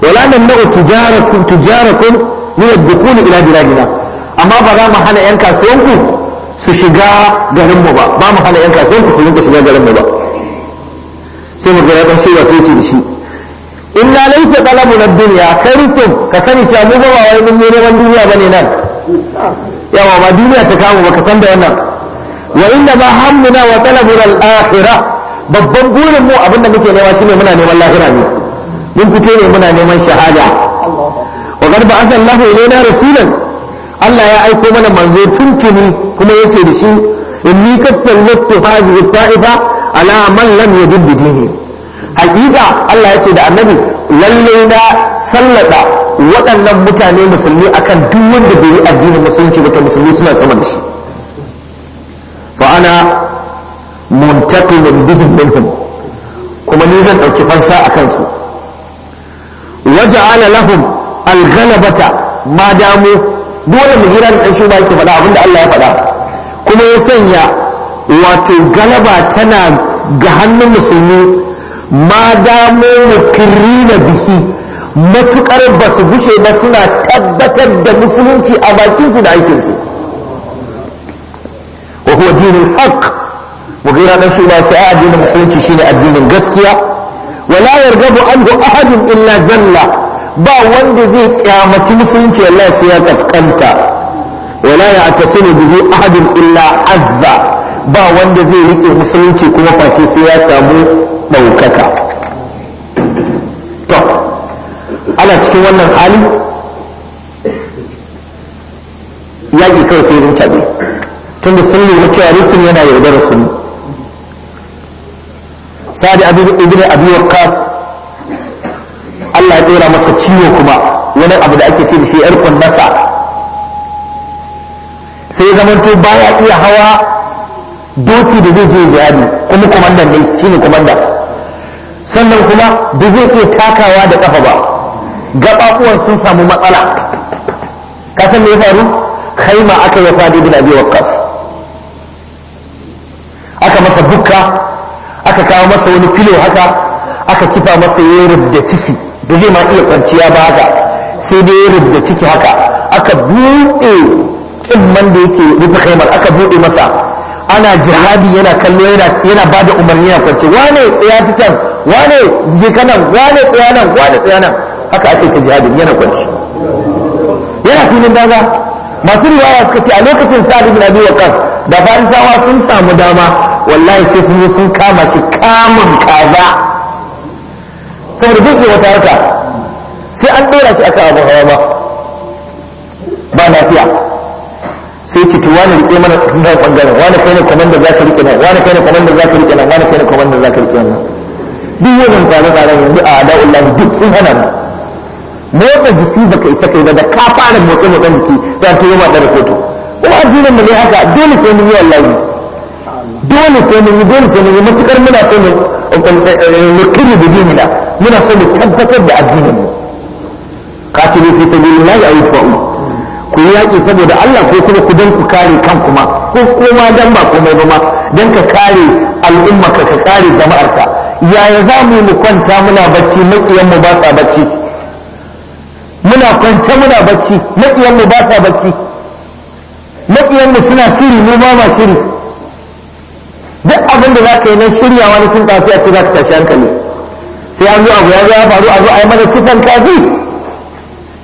wala nan تجاركم تجاركم من الدخول الى بلادنا اما biladina amma ba za mu hana kasuwanku su shiga garin mu ba ba mu hana yan kasuwanku su rinka shiga garin mu ba sai mu gura dan shiga sai ce shi illa laysa talabun ad-dunya karisun ka sani cewa mu ba wai mun neman duniya bane nan yawa ba duniya ta kawo ba ka san da wannan wa inda ma hammuna wa talabun al-akhirah babban burin mu abinda muke nema shine muna neman lahira ne mun fito ne muna neman shahada wa qad ba'atha Allahu ilayna rasulan Allah ya aiko mana manzo tuntuni kuma yace da shi inni kad sallatu hadhihi ta'ifa ala man lam yajid ne hakika Allah yace da annabi Lallai na sallada waɗannan mutane musulmi akan duk wanda bai yi addinin musulunci ba to musulmi suna sama da shi fa ana muntaqimin bihim kuma ni zan ɗauki fansa a kansu Wajen alalahun al-ghalabata ma damu dole mu gira dan shuba yake faɗa abinda Allah ya faɗa kuma ya sanya wato galaba tana ga hannun musulmi ma damu mukirrina bihi matuƙar ba su gushe ba suna tabbatar da musulunci a bakinsu da aikinsu wa huwa dinul haqq mugira dan shuba ce a addinin musulunci shine addinin gaskiya wala yargabu anhu ahadun illa zalla ba wanda zai kyamaci musulunci wallahi sai ya kaskanta wala ya tasiru bihi ahadun illa azza ba wanda zai rike musulunci kuma face sai ya samu ɗaukaka to ana cikin wannan hali yaƙi kawai sai rincaɓe tunda sun nemi cewa yana yaudarar su ne sa'ad ibn abi kas, Allah ya dora masa ciwo kuma wani abu da ake ce da shi yar kunnasa sai zamanto baya iya hawa doki da zai je jihadi kuma komandan ne shine sannan kuma ba zai iya takawa da kafa ba gababuwan sun samu matsala ka san me ya faru khaima aka yi sa'ad ibn abi waqqas aka masa bukka aka kawo masa wani filo haka aka kifa masa ya rubda ciki da zai ma iya kwanciya ba haka sai dai ya rubda ciki haka aka buɗe kimman da yake rufe haimar, aka buɗe masa ana jihadi yana kallo yana ba da umarni yana kwanci wane tsaya ta can wane je kanan wane tsaya nan wane tsaya nan haka ake ta jihadi yana kwanci yana filin daga masu riwaya suka ce a lokacin sa'ad ibn abi waqas da farisawa sun samu dama wallahi sai sun yi sun kama shi kamun kaza saboda bai da wata harka sai an ɗora shi akan abu hawa ba ba lafiya sai ci tuwa ne rike mana tun ɗan ɓangaren wani kai ne komandar za ka rike nan wani kai ne komandar za ka rike nan wani kai ne komandar za ka rike nan duk wannan tsare-tsaren yanzu a ada'ullahi duk sun hana mu motsa jiki ka isa kai ba da ka fara motsa motsa jiki za ta yi ma da rahoto kuma addinin mu ne haka dole sai mun yi wallahi dole sai mun yi dole sai mun yi matukar muna so mu nukiri eh, eh, da dinina muna so tabbatar da addinin mu katilu fi sabilillahi aw yutfa'u ku yi yaƙi saboda Allah ko kuma ku don ku kare kan kuma ko kuma dan ba komai ba ma don ka kare al'umma ka ka kare jama'ar ka yaya za mu mu kwanta muna bacci maƙiyan mu ba sa bacci muna kwanta muna bacci maƙiyan mu ba sa bacci maƙiyan mu suna shiri mu ba ma shiri duk abin da za ka yi na shiryawa wani cin tsafi a cikin za ka tashi hankali sai an zo abu ya zo ya faru a zo a yi mana kisan kaji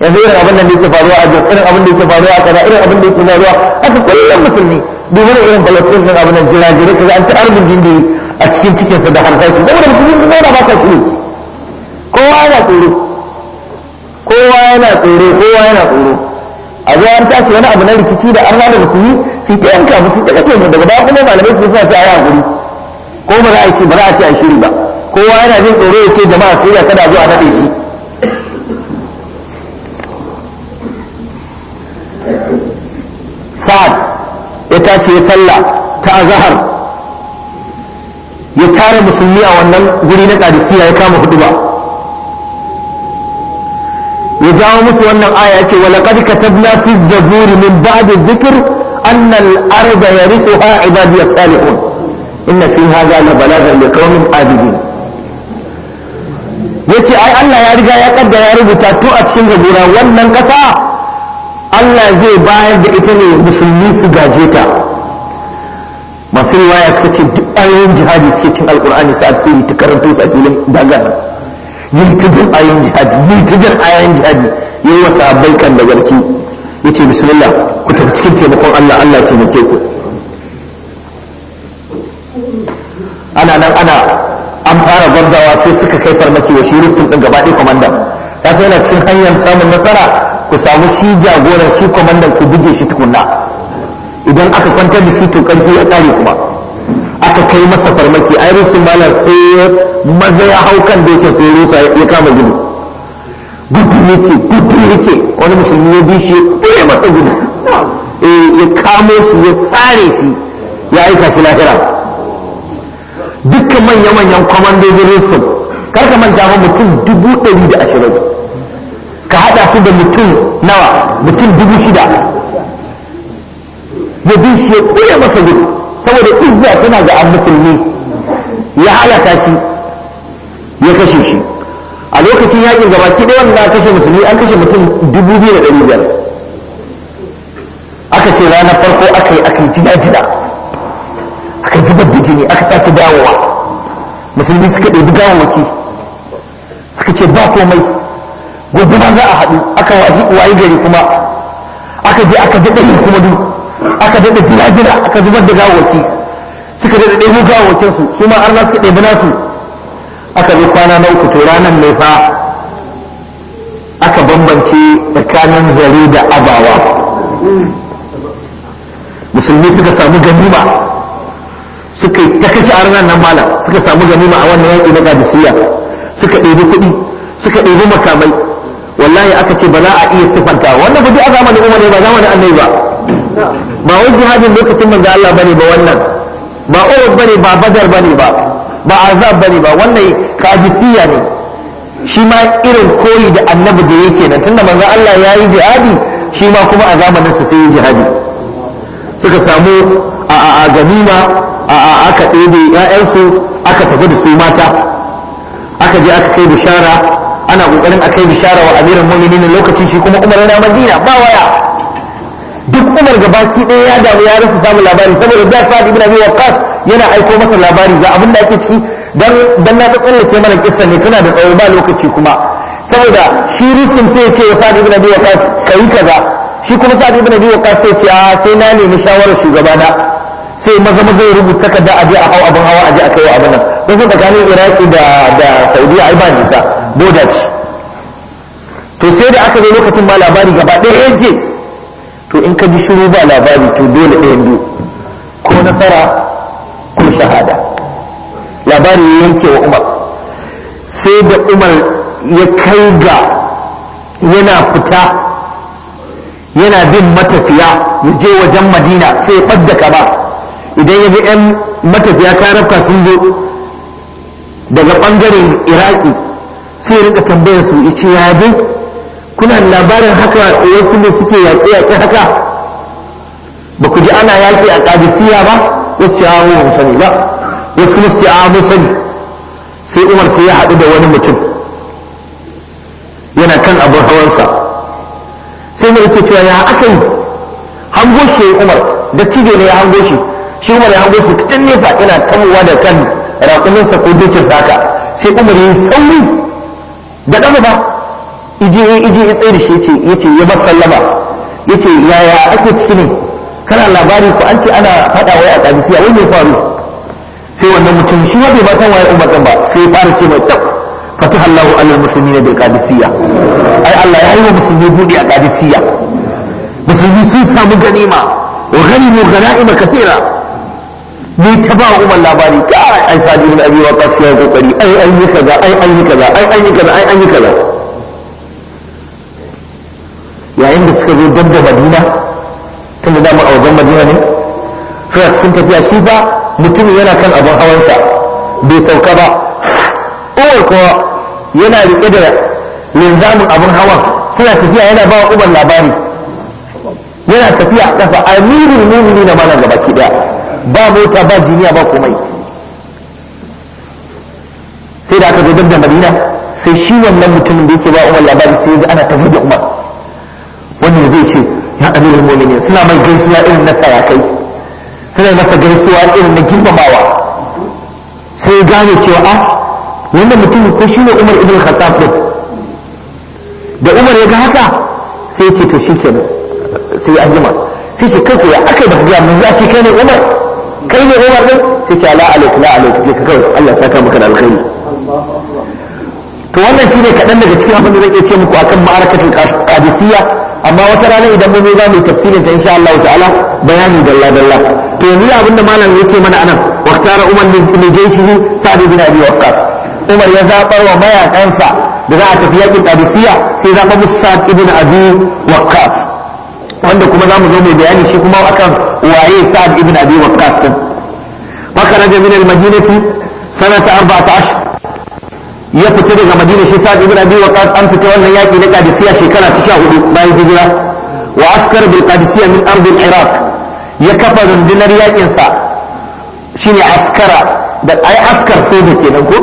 yanzu irin abin da yake faruwa a jos irin abin da yake faruwa a kaza irin abin da yake faruwa haka kullum musulmi domin irin falastin din abin da jirajirai kaza an ta arbin jinjiri a cikin cikinsa da harsashi saboda musulmi sun zauna ba sa shiru kowa yana tsoro kowa yana tsoro kowa yana tsoro a zo an tashi wani abu na rikici da an da musulmi su ta yanka mu su ta kashe mu daga baya kuma malamai su a ta yi ko ba za a shi ba za a ci a shiri ba kowa yana jin tsoro ya ce jama'a su ya kada zuwa nade shi sa'ad ya tashi ya sallah ta azhar ya tare musulmi a wannan guri na kadisiya ya kama hudu ba jawo musu wannan aya ce wa laqad katabna fi zaburi min ba'di dhikr anna al-arda yarithuha ibadiy salihun inna fi hadha la balaghan liqaumin abidin yace ai Allah ya riga ya kaddara ya rubuta to a cikin zabura wannan kasa Allah zai bayar da ita ne musulmi su gaje ta masu riwaya suka ce duk ayoyin jihadi suke cin alkur'ani su asiri ta karanto su a filin daga yi ayin jihadi yi ayin jihadi yi wa sahabbai kan da garki ya ce bismillah ku tafi cikin taimakon allah allah ce mace ku ana nan ana an fara gwamzawa sai suka kai farmaki wa shirin sun ɗin gaba ɗaya kwamandan ya sai yana cikin hanyar samun nasara ku samu shi jagoran shi kwamandan ku buge shi tukunna idan aka kwantar da shi to karfi ya ƙare kuma aka kai masa farmaki a rusun malar sai maza ya hau kan dokin sai rusa ya kama gudu gudu yake gudu yake wani musulmi ya bi shi ya masa gudu eh, ya kamo shi ya tsare shi ya aika shi lahira dukkan manya-manyan kwamandojin rusun karka manta ba mutum dubu ɗari da ashirin ka haɗa su da mutum nawa mutum dubu shida ya bi shi ya masa gudu saboda izza tana ga an musulmi ya halaka shi ya kashe shi a lokacin yakin ki da wanda kashe musulmi an kashe mutum dubu biyu da ɗari biyar aka ce ranar farko aka yi aka yi jina-jina aka zubar da jini aka sake dawowa musulmi suka ɗebi gawawaki suka ce ba komai gobe ma za a haɗu aka waji wayi gari kuma aka je aka daɗa yin kuma duk aka daɗa jira-jira aka zubar da gawoki suka daɗa ɗebo gawokinsu su ma arna suka ɗebi nasu aka bi kwana na uku to ranar ne fa aka bambance tsakanin zare da abawa musulmi suka samu ganima suka ta kashe ranar nan malam suka samu ganima a wannan yaƙi na gadisiya suka ɗebi kuɗi suka ɗebi makamai wallahi aka ce ba za a iya siffanta wannan ba duk a zamanin umar ne ba zamanin annai ba ba wai jihadin lokacin manzo Allah bane ba wannan ba uhud bane ba badar bane ba ba azab bane ba wannan qadisiyya ne shi ma irin koyi da annabi da yake nan tunda manzo Allah ya yi jihadi shi ma kuma a zamanin sa sai yi jihadi suka samu a ganima a a aka ɗebe 'ya'yansu aka tafi da su mata aka je aka kai bishara ana ƙoƙarin a kai bishara wa amirin muminin lokacin shi kuma umar na madina ba waya umar gabaki ɗaya ya damu ya rasa samun labari saboda da sa'ad ibn abi waqqas yana aiko masa labari ga abin da ake ciki dan dan ta tsallace mana kissa ne tana da tsawo ba lokaci kuma saboda shi rusum sai ya ce wa sa'ad ibn abi waqqas kai kaza shi kuma sa'ad ibn abi waqqas sai ce a ah, sai na nemi shawarar shugaba shugabana sai maza maza ya rubuta takarda aje a hau abin hawa aje a kai wa abin nan don sai tsakanin iraki da da saudiya ai ba nisa boda to sai da aka zo lokacin ma labari gaba ɗaya yake to in ka ji shiru ba labari to dole ɗayan biyu ko nasara ko shahada labari ya yanke wa umar sai da umar ya kai ga yana fita yana bin matafiya ya je wajen madina sai ya ɓadda ba, idan ya ga 'yan matafiya karabka sun zo daga ɓangaren iraki sai ya rika tambayar su ya ce ya dai kuna labarin haka wasu ne suke yaƙe-yaƙe haka ba ku ji ana yaƙi a ƙadisiya ba wasu ya mu sani ba wasu kuma su ya sani sai umar sai ya haɗu da wani mutum yana kan abin hawansa sai mai yake cewa ya aka yi hango shi umar da tijo ne ya hango shi shi umar ya hango shi fitin nesa ina tamowa da kan raƙuminsa ko dokinsa haka sai umar ya yi sauri da ɗaga ba iji ya iji ya tsaye da shi yace yace ya bar sallama yace yaya ake ciki ne kana labari ko an ce ana fada wai a kadisiya wai me faru sai wannan mutum shi ma bai ba san waye umar din ba sai fara ce mai tab fataha Allahu alal muslimin bil qadisiyya ai Allah ya yi wa musulmi buɗe a qadisiyya musulmi sun samu ganima wa ghanimu ghanaima kaseera ni ta ba umar labari kai ai sadi ibn abi waqas ya kokari ai an yi kaza ai an yi kaza ai an yi kaza ai an yi kaza suka zo dab da madina tun da dama a wajen madina ne suna cikin tafiya shi ba mutumin yana kan abin hawansa bai sauka ba umar kuwa yana riƙe da linzamin abin hawan suna tafiya yana ba wa umar labari yana tafiya a ƙasa amirin mumini na mana ke ɗaya ba mota ba jiniya ba komai sai da aka zo dab da madina sai shi wannan mutumin da yake ba umar labari sai ya ana tafi da umar ce ya amirul mu'minin suna mai gaisuwa irin na sarakai suna masa gaisuwa irin na girmamawa sai gane cewa a ah, Wanda mutum ko shi ne umar ibn khattab din da umar ya ga haka sai ce to shikenan sai an jima sai ce kai ko ya akai da ga mun za shi kai ne umar kai ne umar din sai ce la alaik la alaik je ka kai Allah saka maka da alkhairi to wannan shine kadan daga cikin abin da zai ce muku akan ma'arakatul qadisiyya amma wata rana idan mun za mu yi tafsirin ta insha Allah ta'ala bayani dalla dalla to yanzu abin da malam ya ce mana anan waqtara umar li jayshihi sa'd bin abi waqqas umar ya zabar wa mayaƙansa da za a tafi yakin qadisiyya sai zaɓa musu sa'd ibn abi waqqas wanda kuma za mu zo mai bayani shi kuma akan waye sa'd ibn abi waqqas din makaraja min al-madinati sanata 14 ya fita daga madina shi sa'ad ibn abi waqas an fita wannan yaki na qadisiyya shekara ta 14 bayan hijira wa askar bil qadisiyya min ard al iraq ya kafa rundunar yakin sa shine askara da ai askar soja kenan ko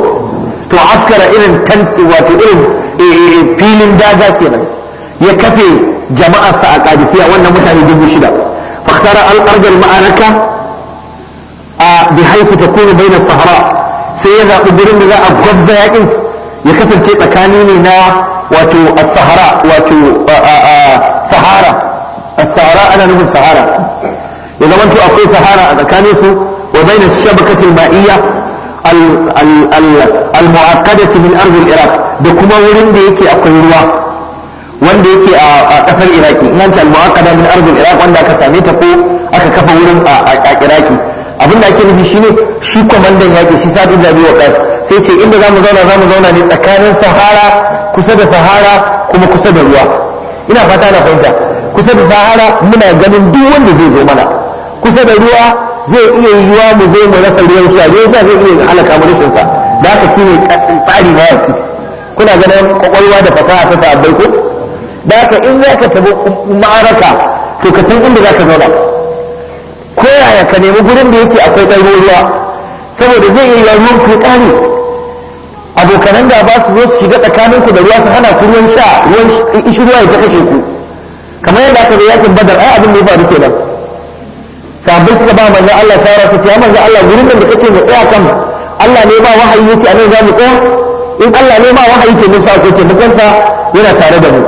to askara irin tanti wato irin eh, eh, filin daga kenan ya kafe jama'ar sa a qadisiyya wannan mutane dubu shida fakhtara al ard al ma'araka بحيث تكون بين sahara. sai ya zaɓi gurin da za a gwabza yaƙin ya kasance tsakani ne na wato sahara wato sahara sahara ana nufin sahara ya zamanto akwai sahara a tsakanin su wa bai na shabakatin ma'iyya al-mu'akkadati min arzul iraq da kuma wurin da yake akwai ruwa wanda yake a kasar iraki ina ce al-mu'akkada min arzul iraq wanda aka same ta ko aka kafa wurin a iraki abin da ake nufi shine shi kwamandan yaƙi shi sa'ad ibn abi ƙas sai ce inda zamu zauna zamu zauna ne tsakanin sahara kusa da sahara kuma kusa da ruwa ina fata na fahimta kusa da sahara muna ganin duk wanda zai zo mana kusa da ruwa zai iya yiwuwa mu zo mu rasa ruwan sha ruwan sha zai iya halaka mu rashin sa da haka shine tsari na yaƙi kuna ganin kwakwalwa da fasaha ta abai ko da haka in za ka taɓa ma'araka to ka san inda za ka zauna ko yaya ka nemi gurin da yake akwai ɗan ruwa saboda zai iya yawon kuɗari abokanan da ba su zo su shiga tsakanin ku da ruwa su hana ku ruwan sha ruwan ishi ruwa ya ta kashe ku kamar yadda aka zai yakin badar ai abin da ya faru kenan sabbin suka ba manzan Allah shawara ta ce manzon Allah gurin da kace mu tsaya kan Allah ne ba wahayi yace anan za mu tsaya in Allah ne ba wahayi ke mun sa ko ce sa yana tare da mu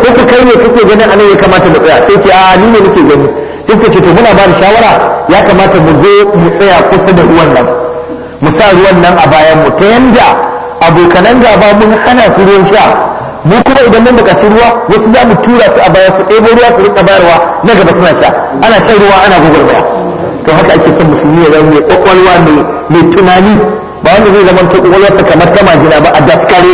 ko ku kai ne kake ganin anan ya kamata mu tsaya sai ce a ni ne nake gani sai suka ce to muna ba da shawara ya kamata mu zo mu tsaya kusa da ruwan nan mu sa ruwan nan a bayan mu ta yanda abokanan gaba mun hana su ruwan sha mu kuma idan mun buƙaci ruwa wasu za mu tura su a baya su ɗebo ruwa su rika bayarwa na gaba suna sha ana shan ruwa ana gwagwarmaya to haka ake son musulmi ya zama mai ƙwaƙwalwa mai tunani ba wanda zai zama ta ƙwaƙwalwarsa kamar ta majina ba a daskare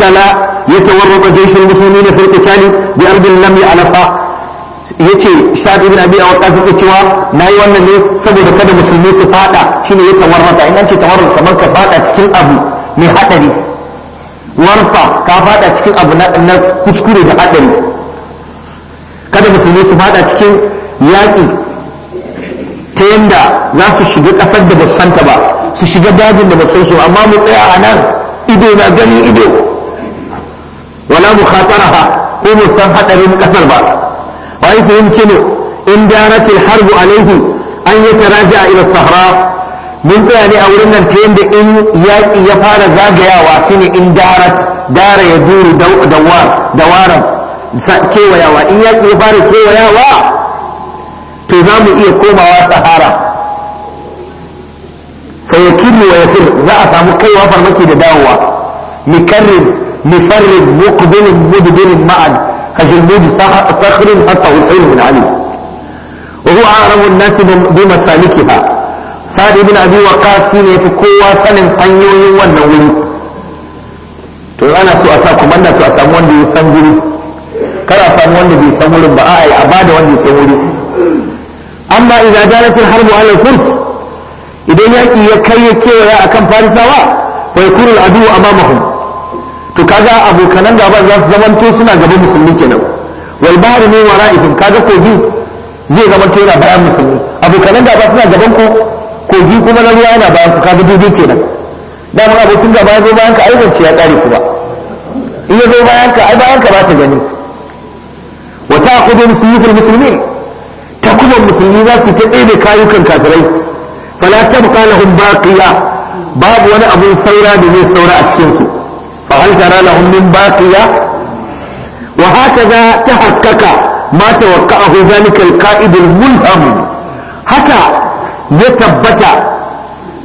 حتى لا يتورط جيش المسلمين في القتال بأرض لم يعلفها yace Sa'd ibn Abi Waqqas yake cewa nayi wannan ne saboda kada musulmi su fada shine ya tawarrata in an ce tawarrata kamar ka fada cikin abu mai hadari warfa ka fada cikin abu na kuskure da hadari kada musulmi su fada cikin yaƙi ta yanda za su shiga ƙasar da ba santa ba su shiga dajin da ba san su amma mu tsaya a nan ido na gani ido wala mukhataraha ko mu san hadarin kasar ba wa isa yumkinu in daratil harbu alaihi an yataraja ila sahra mun tsaya ne a wurin nan ta yadda in yaƙi ya fara zagayawa shine in darat ya duru dawaran kewayawa in yaƙi ya fara kewayawa to za mu iya komawa sahara fayakiru wa yasir za a samu kaiwa farmaki da dawowa mikarrin مفرد مقبل مدبر معا كجلمود صخر حتى حسين بن علي وهو أعرف الناس بمسالكها سعد بن أبي وقاص ne fi kowa sanin hanyoyin wannan wuri to ana so a sa kumanda to a samu wanda ya san guri kada a samu wanda bai san wurin ba a'a a bada wanda ya san wuri amma idan jaratul harbu ala furs idan yaki ya kai ya kewaya akan farisawa fa yakunu al-adu amamahum to kaga abokanan gaban za su zamanto suna gaban musulmi kenan wal bahri min wara'ikum kaga kogi zai zamanto yana bayan musulmi abokanan gaba suna gaban ku kogi kuma na ruwa yana bayan ku kaga dubi kenan dama abokin gaba zai zo bayan ka ce ya kare ba in ya zo bayan ka ai bayan ka ba ta gani wa ta'khudhu suyuful muslimin takuban musulmi za su ta ɗebe kayukan kafirai fala tabqa lahum baqiya babu wani abun saura da zai saura a cikin su fa hal tara lahum min baqiya wa hakaza tahaqqaqa ma tawaqqa'ahu dhalika al-qa'id al haka ya tabbata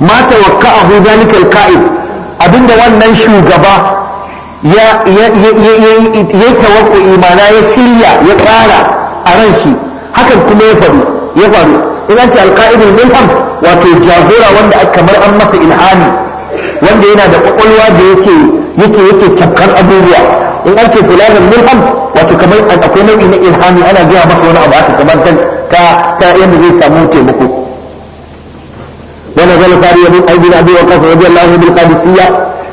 ma tawaqqa'ahu dhalika al-qa'id abinda wannan shugaba ya tawakku imana ya shirya ya tsara a ran shi hakan kuma ya faru ya ce alka'idul mulham wato jagora wanda kamar an masa ilhami wanda yana da kwakwalwa da yake yake yake tabkar abubuwa in an ce filanin milham wato kamar an akwai nau'i na ilhami ana gaya masa wani abu haka kamar ta ta yadda zai samu taimako wannan zala sari yabin aibin abu wa kasa wajen lahu bil kadisiyya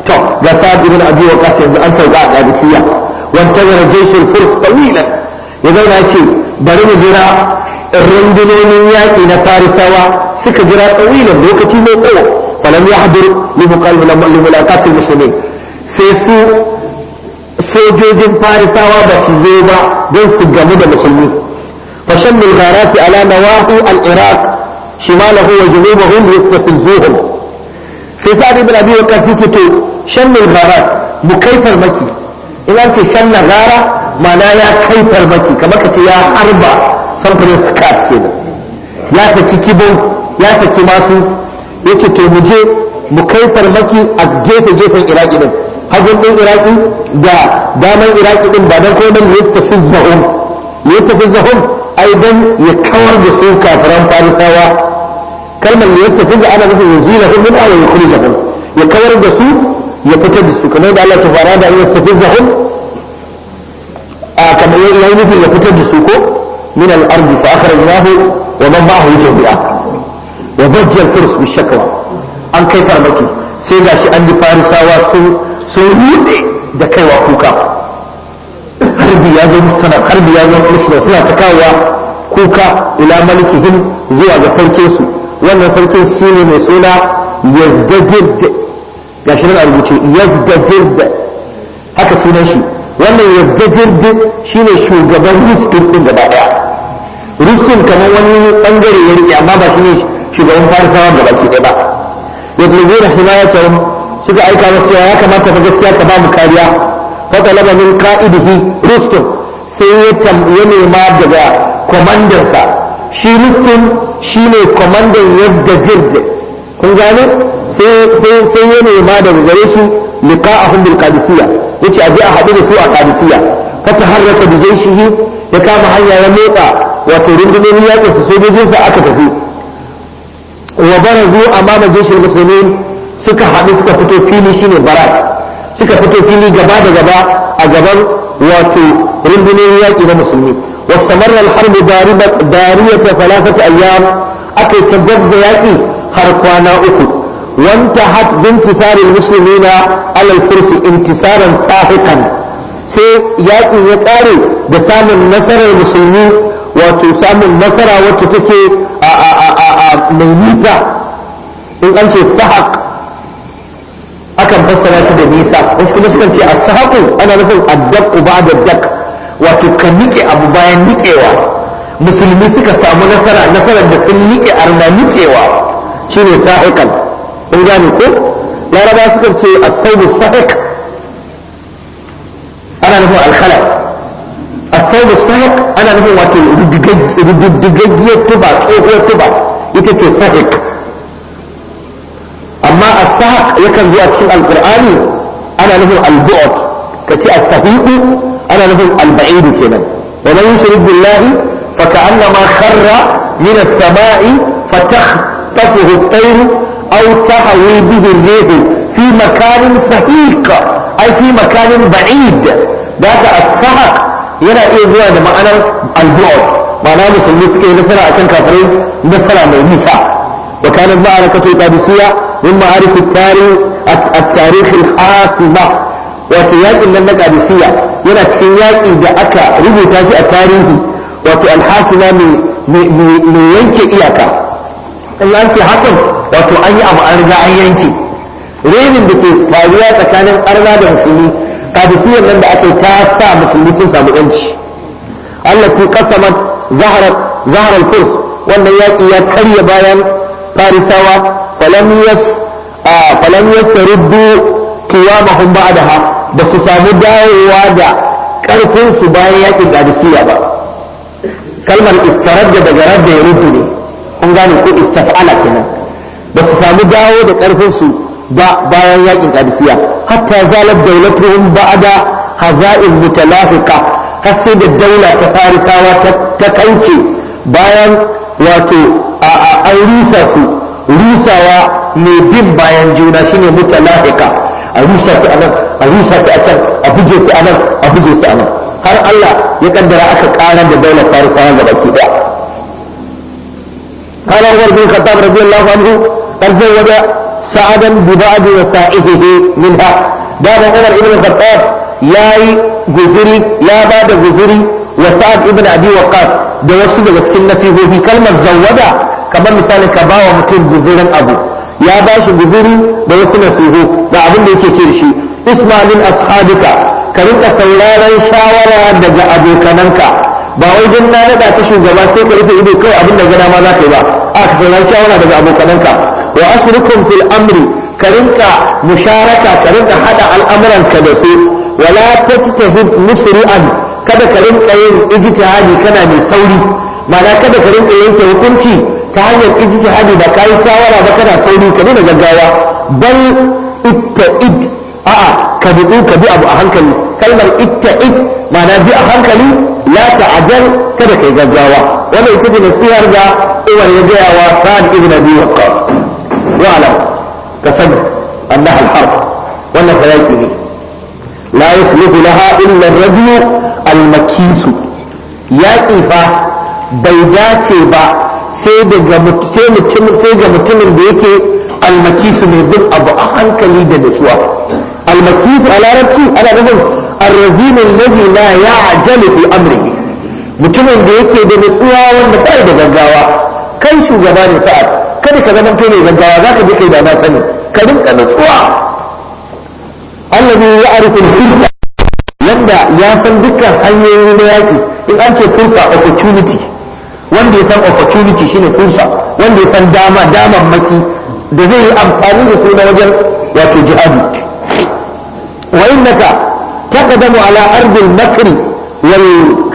to ga sa'ad ibn abi waqas yanzu an sauka a kadisiyya wan tawara jaysul furs tawila ya zauna ya ce bari mu jira rundunonin yaƙi na farisawa suka jira tawilan lokaci mai tsawo walam yahdur li mulaqati muslimin sai su sojojin farisawa ba su zo ba don su gamu da musulmi fa shammu ce a ala nawahi al-iraq shimalahu wa junubahu yastafzuhum sai sa'ad ibn abi waqas yace to shammu al-gharat mu kai farmaki in an ce shanna gara mana ya kai farmaki kamar ka ce ya harba samfurin skat kenan ya saki kibon ya saki masu ya ce to mu je mu kai farmaki a gefe gefen iraki din hagun din iraki da daman iraki din ba dan kuma ya tafi zahum ya tafi zahum ai dan ya kawar da su kafiran farisawa kalmar ya tafi za ana nufin yuzilahum min da yukhrijahum ya kawar da su ya fitar da su kamar da Allah ta fara da ya tafi zahum a kamar ya yi nufin ya fitar da su ko min al-ardi fa akhrajnahu wa man ma'ahu jami'a wa bajjal furs bi shakwa an kai farmaki sai gashi an yi farisawa sun sun da kaiwa kuka harbi ya zo sana harbi ya zo musu suna ta kawowa kuka ila malikihim zuwa ga sarkin su wannan sarkin ne mai suna yazdajid gashi nan a rubuce yazdajid haka sunan shi wannan yazdajid shine shugaban rustin din gaba daya rustin kamar wani bangare ya rike amma ba shi ne shi. shugaban farisawa da baki ɗaya ba yatlubuna himayatahum suka aika masa ya kamata fa gaskiya ka ba mu kariya fa talaba min qa'idihi rustum sai ya nema daga kwamandansa shi rustum shine kwamandan yazdajird kun gane sai ya nema daga gare shi a bil kadisiya yace aje a haɗu da su a kadisiya fa taharraka bi jayshihi ya kama hanya ya motsa wato rundunonin yakin sojojinsa aka tafi wa bara zuwa amma da jeshin musulmi suka haɗu suka fito fili shine baras suka fito fili gaba da gaba a gaban wato rundunar yaƙi na musulmi wa samar al-harbu dariya ta salasata ayyam aka ta gabza yaƙi har kwana uku wanta hat bin tisarin musulmi na alal furfi intisaran sahikan sai yaƙi ya ƙare da samun nasarar musulmi wato samun nasara wacce take mai nisa in an ce sahaq akan fassara su da nisa wasu kuma sukan ce a sahaku ana nufin ba da dak wato ka nike abu bayan nikewa musulmi suka samu nasara nasarar da sun nike arna nikewa shine sahiqan kun gane ko laraba sukan ce a sawbu Sahaq ana nufin alkhala a as Sahaq ana nufin wato rudigaggiyar tuba tsohuwar tuba ita ce sahik amma as sahak yakan zo a cikin alkur'ani ana nufin al-bu'd kace as-sahik ana nufin al-ba'id kenan wa man yushrik billahi fa ka'annama kharra min as-sama'i fa takhtafuhu at-tayr aw tahwi bihi ar-rih fi makanin sahik ay fi makanin ba'id da ka as-sahak yana iya zuwa da ma'anar al-bu'd ma'ana musulmi suka yi nasara akan kafirai nasara mai nisa wa kanat ma'arakatu qadisiyya min ma'arif at-tarikh at-tarikh al-hasima wato yakin nan na qadisiyya yana cikin yaki da aka rubuta shi a tarihi wato al-hasima mai yanke iyaka in ce hasan wato an yi abu an riga an yanke renin da ke faruwa tsakanin arna da musulmi qadisiyyar nan da aka ta sa musulmi sun samu yanci allati qasamat zahar al-furs wannan yaƙi ya karya bayan farisawa falam yas falam yasruddu qiyamahum ba'daha ba su samu dawowa da karfin su bayan yaƙin qadisiyya ba kalmar istaradda daga radda ya ruddu ne kun gane ko istaf'ala kenan ba su samu dawo da karfin su ba bayan yaƙin qadisiyya hatta zalat daulatuhum ba'da haza'il mutalafiqa har sai da daula ta farisawa ta kauce bayan wato a an rusa su rusawa mai bin bayan juna shine mutalahika a rusa su anan a rusa su a can a buge su anan a buge su anan har Allah ya kaddara aka karar da daular farisawa ga baki daya قال عمر بن الخطاب رضي الله عنه قد زوج سعدا ببعض وسائحه منها دام عمر بن الخطاب ya yi guziri ya ba da guziri wa sa'ad ibn abi waqas da wasu daga cikin nasihohi kalmar zawada kamar misali ka ba wa mutum guzirin abu ya ba shi guziri da wasu nasiho da abin da yake ce shi ismalin ashabika ka rinka sauraron shawara daga abokananka ba wai don na nada ta shugaba sai ka rufe ido kawai abin da gana ma za ka yi ba a ka sauraron shawara daga abokananka wa asrukum fil amri ka rinka musharaka ka rinka hada al'amuranka da su wala tajtahid musri'an kada ka rinka yin ijtihadi kana mai sauri ma'ana kada ka rinka yin hukunci ta hanyar ijtihadi ba kai shawara ba kana sauri ka nuna gaggawa bal itta'id a'a ka bi ka bi abu a hankali kalmar itta'id ma'ana bi a hankali la ta'ajal kada kai gaggawa wanda ita ce nasihar ga Umar ya gaya wa Sa'ad ibn Abi Waqqas ka sani al-harb wannan ne la yuslihu laha illa ar-rajulu al-makisu yaƙi bai dace ba sai ga mutumin da yake almakisu mai bin abu a hankali da nutsuwa almakisu a larabci ana nufin arrazimin ladhi la ya'jalu fi amri mutumin da yake da nutsuwa wanda bai da gaggawa kan shugaba ne sa'ad kada ka zama kai mai gaggawa zaka je ka da na sani ka rinka nutsuwa ya ya'rifu al-fursa wanda ya san dukkan hanyoyi na yaki in an ce fursa opportunity wanda ya san opportunity shine fursa wanda ya san dama daman maki da zai yi amfani da su na wajen wato jihadi wa innaka taqdamu ala ardil makri wal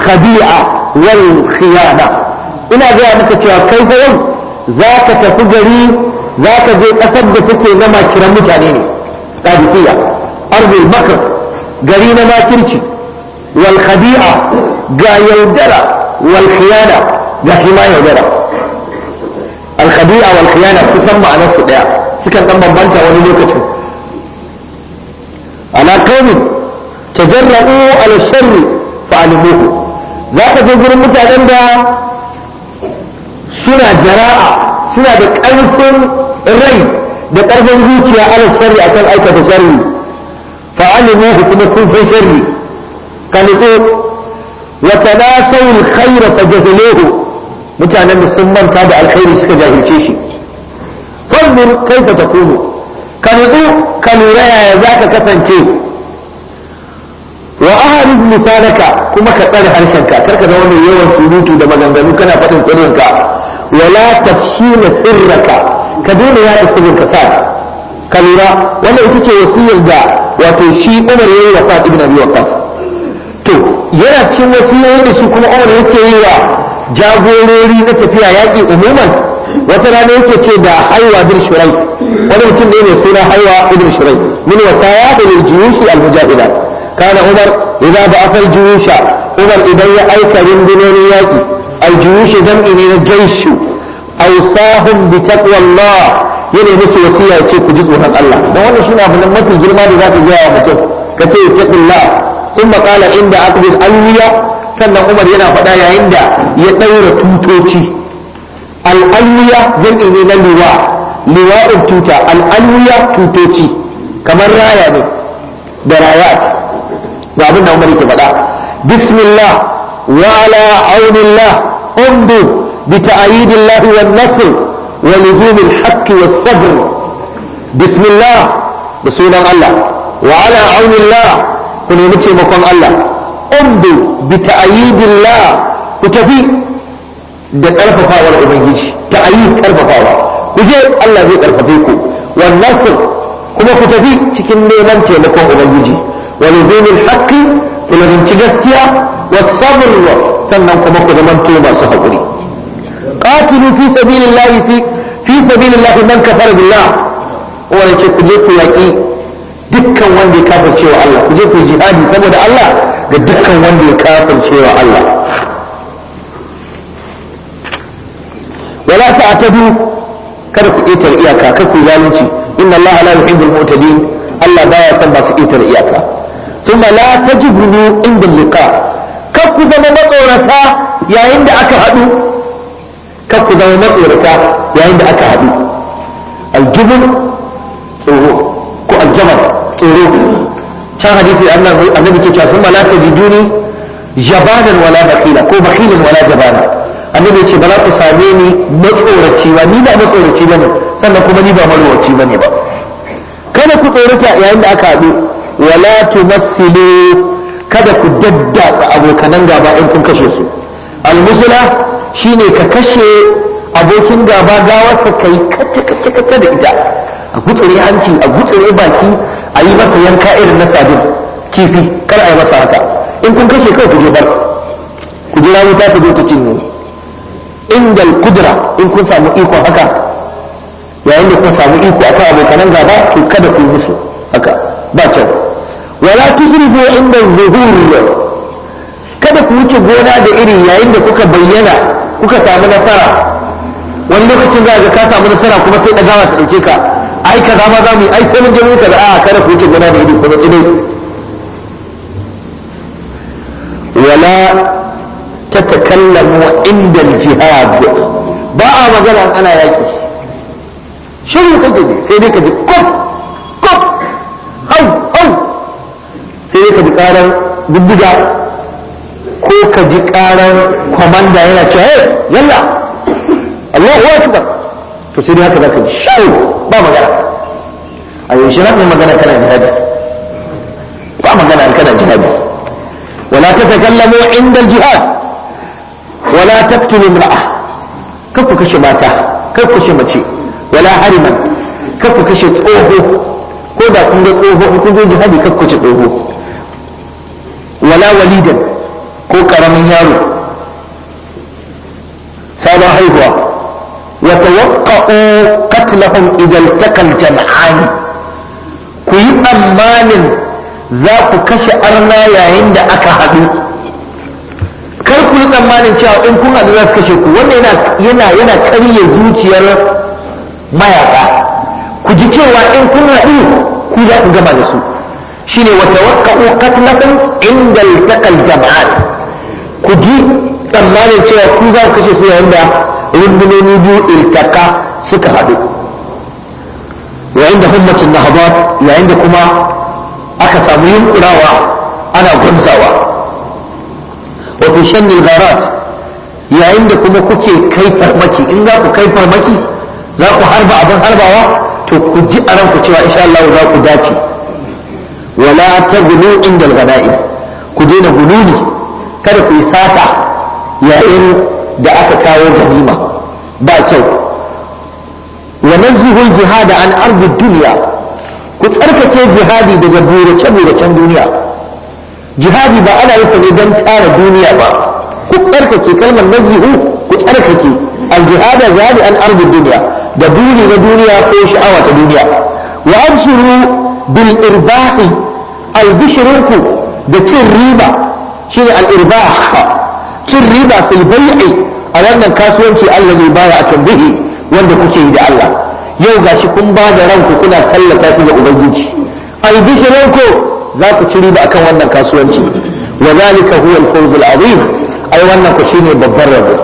khabi'a wal khiyana ina ga maka cewa kai fa yau zaka tafi gari zaka je kasar da take na makiran mutane ne ardul makr gari na makirci wal khadi'a ga yaudara wal khiyana ga shi ma yaudara al khadi'a wal khiyana kusan ma'anar su daya sukan dan bambanta wani lokacin ala qaumin tajarra'u al sharri fa'alimuhu za ka je gurin mutanen da suna jara'a suna da ƙarfin rai da ƙarfin zuciya ala akan aikata sharri fa'alimuhu kuma sun san sharri ka nutsu wa tanasawul khaira fa jahiluhu mutanen da sun manta da alkhairi suka jahilce shi fanzur kaifa takunu ka nutsu ka lura yaya za ka kasance wa ahriz lisanaka kuma ka tsare harshenka ka zama mai yawan surutu da maganganu kana faɗin sirrinka wala tafshila sirraka ka daina yaɗa sirrinka sa ka lura wannan ita ce wasiyar da wato shi umar yayi wa a ibn abi waqas to yana cikin wasiyoyin da shi kuma umar yake yi wa jagorori na tafiya yaƙi umuman wata rana yake ce da haiwa bin shurai wani mutum ne mai suna haiwa ibn shurai min wasaya da jiyushi al-mujahida kana umar idza da al-jiyusha umar idan ya aika rundunonin yaƙi al-jiyushi jam'i ne na jaishu awsahum bi taqwa ya nemi su wasiya ya ce ku ji tsoron Allah don wannan shine abu nan mafi girma da zaka ga wa mutum ka ce taqullah Sun maqala inda bi alwiya sannan Umar yana faɗa yayin da ya ɗaura tutoci al'alwiya zan ne na luwa liwa'in tuta al'alwiya tutoci kamar raya ne da rayat ga abin da Umar yake faɗa bismillah wa ala aunillah umdu bi ta'yidillah wan nasr ولزوم الحق والصبر بسم الله بسونا الله وعلى عون الله كن يمتي الله امضوا بتأييد الله وتفي da ƙarfafawa da ubangiji ta ayi ƙarfafawa ku je Allah zai ƙarfafe ku wannan kuma ku tafi cikin neman taimakon ubangiji wa luzumil haqqi ku gaskiya wa sabr sannan kuma ku zamanto masu haƙuri qatilu fi sabilillahi fi fi sabilillahi man kafara billah wala ce ku je ku yaki dukkan wanda ya kafirce wa Allah ku je ku saboda Allah ga dukkan wanda ya kafirce wa Allah wala ta'tadu kada ku ƙetar iyaka kada ku zalunci inna Allah la yuhibbul mu'tadin Allah baya son ba su ƙetar iyaka thumma la tajibru inda liqa kar ku zama matsorata yayin da aka haɗu kar ku zama matsorata yayin da aka haɗu aljubun tsoro ko aljabar tsoro can hadisi annabi ke cewa sun ma la tajiduni jabanan wala bakila ko bakhilan wala jabana annabi ce ba za ku same ni matsoraci ba ni ba matsoraci ba ne sannan kuma ni ba marwaci ba ne ba kada ku tsorata yayin da aka haɗu wala tumassilu kada ku daddatsa abokanan gaba in kun kashe su almusula shine ka kashe abokin gaba gawarsa ka yi kacce-kacce da ita a gutsure hanci a gutsure baki a yi masa yanka irin na sabin kifi kar a yi masa haka in kun kashe kawai ku je bar ku jira wuta ku zo ta cinye inda kudura in kun samu iko haka yayin da kun samu iko akan abokan gaba to kada ku yi musu haka ba kyau wala tusrifu inda zuhur kada ku wuce gona da iri yayin da kuka bayyana kuka samu nasara wani lokacin za ga ka samu nasara kuma sai ɗagawa ta ɗauke ka ai ka zama za mu yi ai sai mun je mu kaza a kada ku wuce gona da ido kuma ido wala ta tatakallamu inda jihad ba a magana ana yaki shirin kake ne sai dai ka ji kop kop hau hau sai dai ka ji karar dubbuga suka ji karan kwamanda yana cewa hey yalla Allahu akbar to sai dai haka zaka ji shau ba magana a yaushe za ka yi magana kana jihadi ba magana kana jihadi wala tatakallamu inda jihad wala taqtulu imra'a kar ku kashe mata kar kashe mace wala hariman kar ku kashe tsoho ko da kun ga tsoho kun zo jihadi kar ku kashe tsoho wala walidan ko karamin yaro sabon haihuwa wa tawaqqa'u qatlahum idza iltaqal jam'ani ku yi tsammanin za ku kashe arna yayin da aka haɗu kar ku yi tsammanin cewa in kun haɗu za su kashe ku wanda yana yana karye zuciyar mayaka ku ji cewa in kun haɗu ku za ku gama da su shine wa tawaqqa'u qatlahum inda iltaqal jam'ani ku ji tsammanin cewa ku za ku kashe su yayin da rundunoni biyu irtaka suka haɗu yayin da hummatin nahabat yayin da kuma aka samu yunkurawa ana gamsawa wa fi shan zarat yayin da kuma kuke kai farmaki in za ku kai farmaki za ku harba abin harbawa to ku ji a ranku cewa insha Allah za ku dace wala taglu inda al-ghanaim ku daina gululi kada ku yi sata yayin da aka kawo ganima ba kyau wa nazzuhul jihada an ardi duniya ku tsarkake jihadi daga burace buracen duniya jihadi ba ana yi sa ne don tara duniya ba ku tsarkake kalmar nazzuhu ku tsarkake aljihada jihada jihadi an ardi duniya da buri na duniya ko sha'awa ta duniya wa abshiru bil irbahi albishirinku da cin riba Shin ne irbah cin riba fil a wannan kasuwanci Allah allazi baya a tambihi wanda kuke yi da Allah yau gashi kun ba da ranku kuna tallata shi ga ubangiji albishirinku za ku ci riba akan wannan kasuwanci wa zalika huwa al-fawz azim ai wannan ku shine babban rabo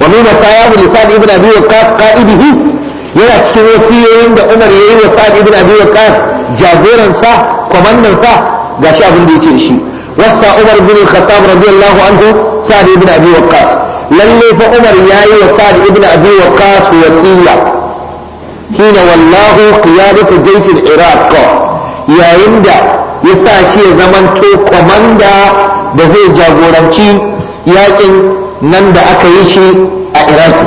wa min masayahu lisan ibn abi waqas qa'idihi yana cikin wasiyoyin da Umar yayi wa Sa'id ibn Abi Waqqas jagoran sa komandan sa gashi abin da yake shi wasa umar bin khattab radiyallahu anhu sa'ad ibn abi waqqas lalle fa umar ya yi wa sa'ad ibn abi waqqas wasiya hina wallahu ya jaysh al-iraq yayin da ya sa shi ya zamanto komanda da zai jagoranci yaƙin nan da aka yi shi a iraki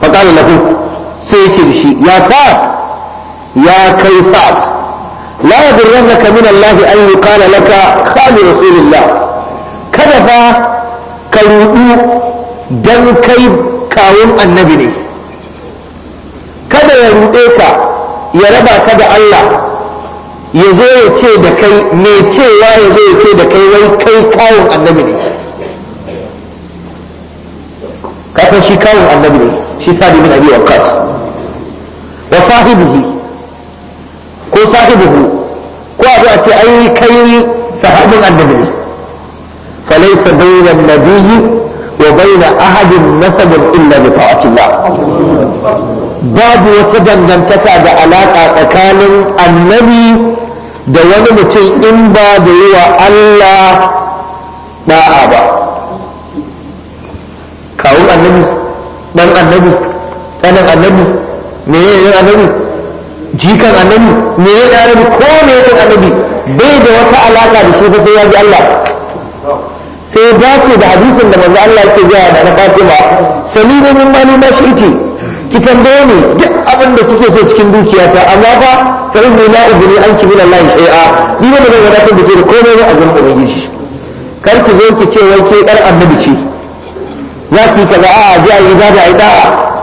faƙalar lafi sai ce shi ya sa'ad ya kai sa'ad la yadurrannaka min Allah an yuqala laka qali rasulillah kada fa ka rudu dan kai kawun annabi ne kada ya ruɗe ka ya raba ka da Allah ya zo ya ce kai me cewa ya ya ce da kai wai kai kawun annabi ne kasan shi kawun annabi ne shi ko ko a zuwa ce ai kai sahabin annabi ne falaisa bainan nabiyyi wa baina ahadin nasabin illa bi ta'atillah babu wata dangantaka da alaka tsakanin annabi da wani mutum in ba da yi Allah da'a ba kawun annabi dan annabi kanan annabi me yin annabi jikan annabi me ya da annabi ko me ya annabi bai da wata alaka da shi ba sai ya ji Allah sai ya ce da hadisin da manzo Allah yake gaya da na Fatima salimu min mali ma shi'ti ki tambaye ni duk abin da kike so cikin dukiyata amma fa fa inni la ibni anki min Allah shay'a ni ba zan wadatar da ke da komai ba a gurin ubangiji kar ki zo ki ce wai ke dar annabi ce za ki kaza a ji a yi ibada a yi da'a